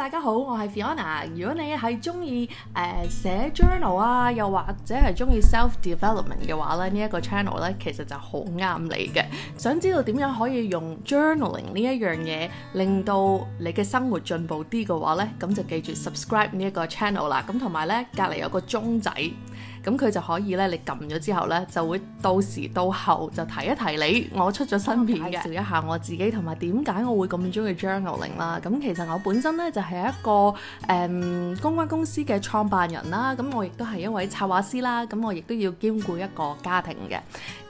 大家好，我係 Fiona。如果你係中意誒寫 journal 啊，又或者係中意 self development 嘅話咧，呢一個 channel 咧其實就好啱你嘅。想知道點樣可以用 journaling 呢一樣嘢令到你嘅生活進步啲嘅話咧，咁就記住 subscribe 呢一個 channel 啦。咁同埋咧，隔籬有個鐘仔。咁佢就可以咧，你撳咗之後呢，就會到時到後就提一提你，我出咗新片介紹一下我自己同埋點解我會咁中意 journaling 啦。咁其實我本身呢，就係、是、一個誒、嗯、公關公司嘅創辦人啦，咁我亦都係一位插畫師啦，咁我亦都要兼顧一個家庭嘅。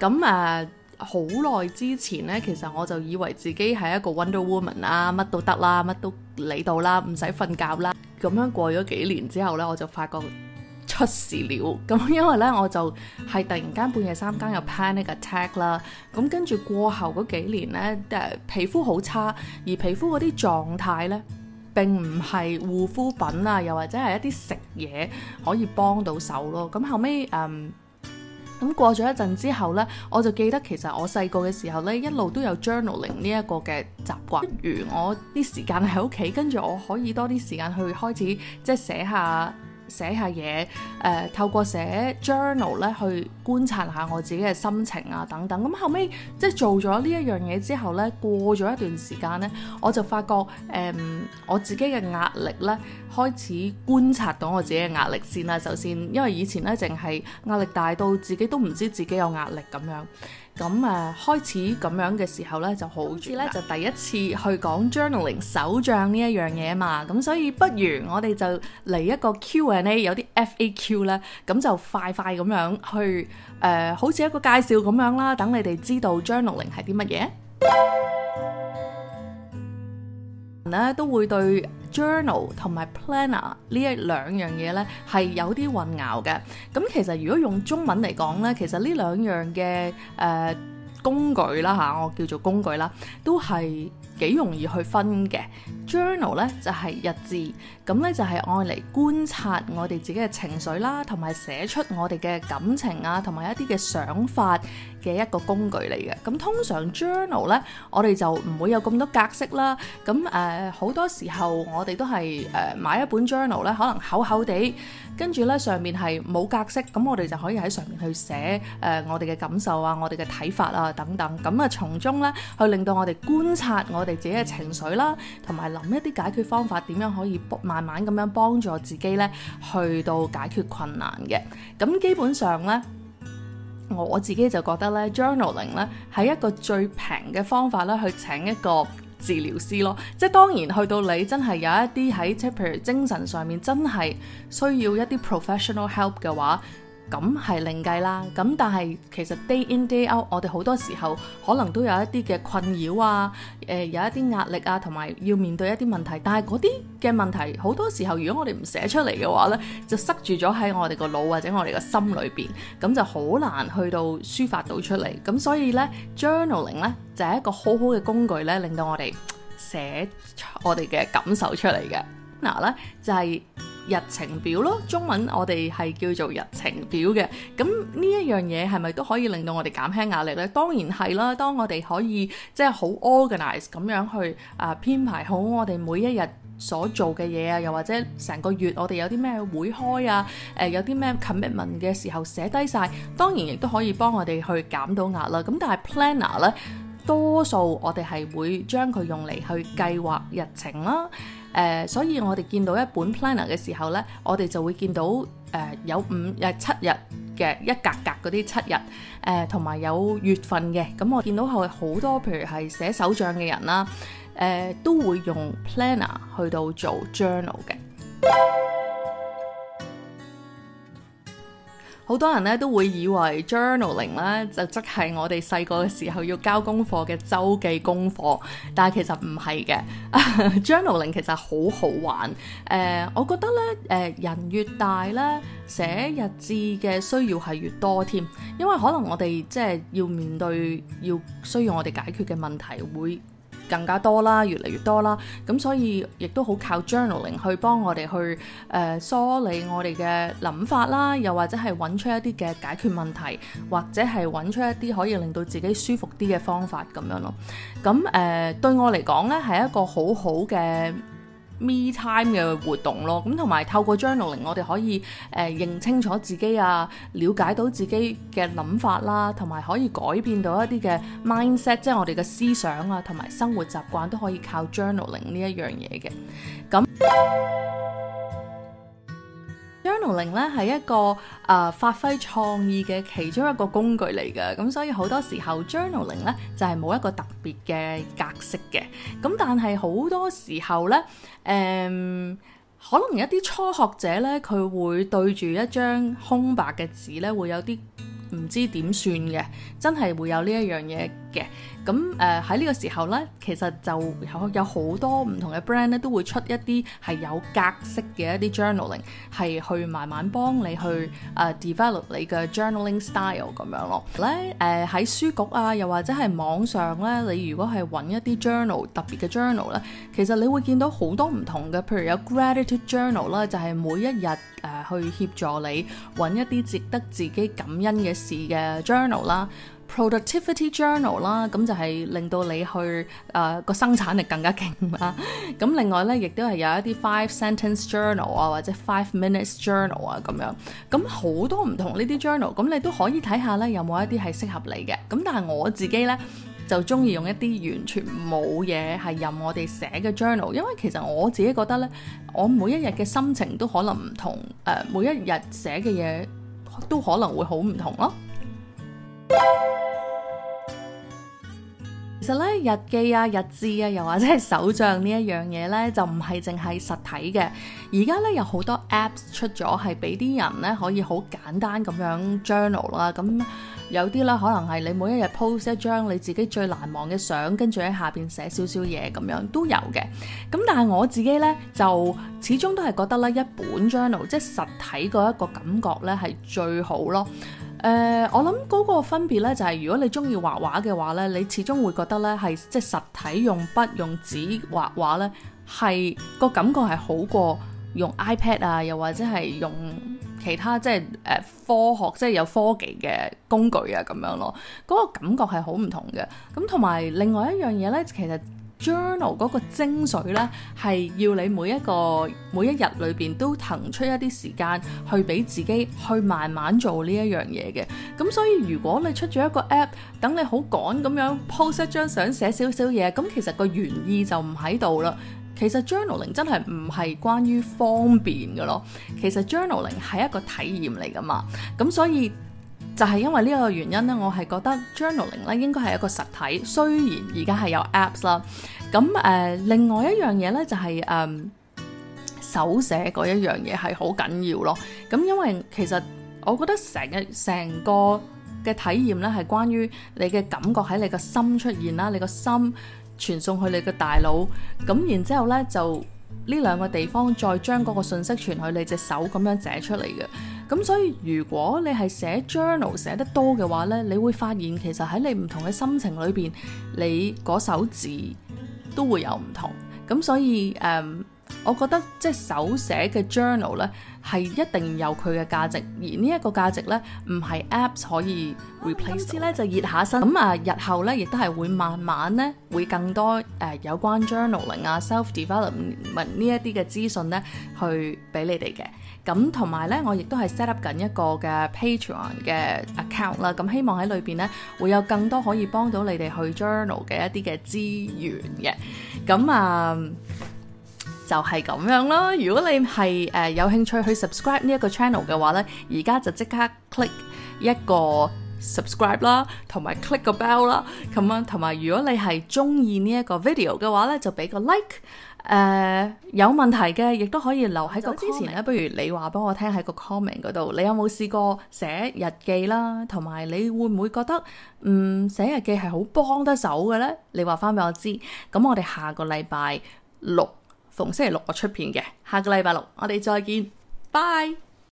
咁啊，好耐之前呢，其實我就以為自己係一個 Wonder Woman 啦，乜都得啦，乜都理到啦，唔使瞓覺啦。咁樣過咗幾年之後呢，我就發覺，出事了咁，因為咧我就係突然間半夜三更有 panic attack 啦。咁跟住過後嗰幾年咧，誒、呃、皮膚好差，而皮膚嗰啲狀態咧，並唔係護膚品啊，又或者係一啲食嘢可以幫到手咯。咁後尾，誒、嗯、咁過咗一陣之後咧，我就記得其實我細個嘅時候咧，一路都有 journaling 呢一個嘅習慣。如我啲時間喺屋企，跟住我可以多啲時間去開始，即係寫下。寫下嘢，誒、呃、透過寫 journal 咧去觀察下我自己嘅心情啊等等。咁後尾即係做咗呢一樣嘢之後呢，過咗一段時間呢，我就發覺誒、嗯、我自己嘅壓力呢，開始觀察到我自己嘅壓力先啦。首先，因為以前呢淨係壓力大到自己都唔知自己有壓力咁樣。咁啊，開始咁樣嘅時候呢，就好似呢就第一次去講 journaling 手帳呢一樣嘢嘛，咁所以不如我哋就嚟一個 Q and A，有啲 FAQ 呢，咁就快快咁樣去誒、呃，好似一個介紹咁樣啦，等你哋知道 journaling 係啲乜嘢咧， 都會對。Journal 同埋 Planner 呢一兩樣嘢呢係有啲混淆嘅。咁其實如果用中文嚟講呢，其實呢兩樣嘅誒、呃、工具啦嚇，我叫做工具啦，都係幾容易去分嘅。Journal 呢就係、是、日誌，咁呢就係愛嚟觀察我哋自己嘅情緒啦，同埋寫出我哋嘅感情啊，同埋一啲嘅想法。嘅一個工具嚟嘅，咁通常 journal 呢，我哋就唔會有咁多格式啦。咁誒，好、呃、多時候我哋都係誒、呃、買一本 journal 呢，可能厚厚地，跟住呢上面係冇格式，咁我哋就可以喺上面去寫誒、呃、我哋嘅感受啊、我哋嘅睇法啊等等。咁啊，從中呢，去令到我哋觀察我哋自己嘅情緒啦，同埋諗一啲解決方法，點樣可以慢慢咁樣幫助自己呢，去到解決困難嘅。咁基本上呢。我自己就覺得咧，journaling 咧係一個最平嘅方法啦，去請一個治療師咯。即係當然去到你真係有一啲喺即譬如精神上面真係需要一啲 professional help 嘅話。咁係另計啦，咁但係其實 day in day out，我哋好多時候可能都有一啲嘅困擾啊，誒有一啲壓力啊，同埋要面對一啲問題，但係嗰啲嘅問題好多時候，如果我哋唔寫出嚟嘅話咧，就塞住咗喺我哋個腦或者我哋個心裏邊，咁就好難去到抒發到出嚟，咁所以咧 journaling 咧就係一個好好嘅工具咧，令到我哋寫我哋嘅感受出嚟嘅，嗱咧就係。日程表咯，中文我哋係叫做日程表嘅。咁呢一樣嘢係咪都可以令到我哋減輕壓力呢？當然係啦，當我哋可以即係好 organize 咁樣去啊、呃、編排好我哋每一日所做嘅嘢啊，又或者成個月我哋有啲咩會開啊，誒、呃、有啲咩 commitment 嘅時候寫低晒，當然亦都可以幫我哋去減到壓啦。咁但係 planner 呢，多數我哋係會將佢用嚟去計劃日程啦。誒、呃，所以我哋見到一本 planner 嘅時候呢，我哋就會見到誒、呃、有五誒、呃、七日嘅一格格嗰啲七日，誒同埋有月份嘅。咁、嗯、我見到係好多譬如係寫手帳嘅人啦，誒、呃、都會用 planner 去到做 journal 嘅。好多人咧都會以為 journaling 咧就即係我哋細個嘅時候要交功課嘅週記功課，但係其實唔係嘅。 journaling 其實好好玩。誒、呃，我覺得咧誒、呃、人越大咧，寫日誌嘅需要係越多添，因為可能我哋即係要面對要需要我哋解決嘅問題會更加多啦，越嚟越多啦，咁所以亦都好靠 journaling 去幫我哋去，誒、呃、梳理我哋嘅諗法啦，又或者係揾出一啲嘅解決問題，或者係揾出一啲可以令到自己舒服啲嘅方法咁樣咯，咁誒、呃、對我嚟講咧，係一個好好嘅。Me time 嘅活動咯，咁同埋透過 journaling，我哋可以誒、呃、認清楚自己啊，了解到自己嘅諗法啦，同埋可以改變到一啲嘅 mindset，即係我哋嘅思想啊，同埋生活習慣都可以靠 journaling 呢一樣嘢嘅，咁。Journaling 咧係一個誒、呃、發揮創意嘅其中一個工具嚟嘅，咁所以好多時候 Journaling 咧就係、是、冇一個特別嘅格式嘅，咁但係好多時候咧，誒、嗯、可能一啲初學者咧佢會對住一張空白嘅紙咧會有啲唔知點算嘅，真係會有呢一樣嘢嘅。咁誒喺呢個時候呢，其實就有好多唔同嘅 brand 咧，都會出一啲係有格式嘅一啲 journaling，係去慢慢幫你去誒、呃、develop 你嘅 journaling style 咁樣咯。咧誒喺書局啊，又或者係網上呢，你如果係揾一啲 journal 特別嘅 journal 呢，其實你會見到好多唔同嘅，譬如有 gratitude journal 啦，就係、是、每一日誒、呃、去協助你揾一啲值得自己感恩嘅事嘅 journal 啦。Productivity journal 啦，咁就係令到你去誒個、呃、生產力更加勁啊！咁 另外呢，亦都係有一啲 five sentence journal 啊，或者 five minutes journal 啊咁樣，咁好多唔同呢啲 journal，咁你都可以睇下呢有冇一啲係適合你嘅？咁但係我自己呢，就中意用一啲完全冇嘢係任我哋寫嘅 journal，因為其實我自己覺得呢，我每一日嘅心情都可能唔同，誒、呃、每一日寫嘅嘢都可能會好唔同咯。其實呢日記啊、日誌啊，又或者係手賬呢一樣嘢呢，就唔係淨係實體嘅。而家呢，有好多 apps 出咗，係俾啲人呢可以好簡單咁樣 journal 啦、啊。咁、嗯、有啲呢可能係你每一日 post 一張你自己最難忘嘅相，跟住喺下邊寫少少嘢咁樣都有嘅。咁、嗯、但係我自己呢，就始終都係覺得呢一本 journal 即係實體嗰一個感覺呢，係最好咯。誒，uh，我諗嗰個分別咧，就係、係，如果你中意畫畫嘅話咧，你始終會覺得咧，係即係實體用筆用紙畫畫咧、係、嗰個感覺係好過用 iPad 啊，又或者係用其他即係誒、呃、科學即係有科技嘅工具啊咁樣咯，嗰、嗰個感覺係好唔同嘅。咁同埋另外一樣嘢咧，其實。journal 嗰個精髓呢，係要你每一個每一日裏邊都騰出一啲時間去俾自己去慢慢做呢一樣嘢嘅。咁所以如果你出咗一個 app，等你好趕咁樣 post 一張相寫少少嘢，咁其實個原意就唔喺度啦。其實 journaling 真係唔係關於方便嘅咯，其實 journaling 係一個體驗嚟噶嘛。咁所以就係因為呢個原因咧，我係覺得 journaling 咧應該係一個實體，雖然而家係有 apps 啦。咁、呃、誒，另外一樣嘢呢、就係，就係誒手寫嗰一樣嘢係好緊要咯。咁因為其實我覺得成日成個嘅體驗呢，係關於你嘅感覺喺你個心出現啦，你個心傳送去你嘅大腦，咁然之後呢，就呢兩個地方再將嗰個信息傳去你隻手咁樣寫出嚟嘅。咁所以如果你係寫 journal 寫得多嘅話呢，你會發現其實喺你唔同嘅心情裏邊，你嗰手字都會有唔同。咁所以誒、嗯，我覺得即係、就是、手寫嘅 journal 呢，係一定有佢嘅價值。而呢一個價值呢，唔係 apps 可以 replace。呢就熱下身。咁啊，日後呢亦都係會慢慢呢，會更多誒、呃、有關 journaling 啊 self、self-development 呢一啲嘅資訊呢，去俾你哋嘅。咁同埋咧，我亦都係 set up 緊一個嘅 Patreon 嘅 account 啦。咁希望喺裏邊咧，會有更多可以幫到你哋去 journal 嘅一啲嘅資源嘅。咁啊，就係咁樣咯。如果你係誒有興趣去 subscribe 呢一個 channel 嘅話咧，而家就即刻 click 一個 subscribe 啦，同埋 click 個 bell 啦。咁樣同埋，如果你係鍾意呢一個 video 嘅話咧，就俾個 like。誒，uh, 有問題嘅亦都可以留喺個 comment。咁之前咧，不如你話幫我聽喺個 comment 嗰度，你有冇試過寫日記啦？同埋你會唔會覺得嗯寫日記係好幫得手嘅咧？你話翻俾我知。咁我哋下個禮拜六，逢星期六我出片嘅。下個禮拜六我哋再見，拜。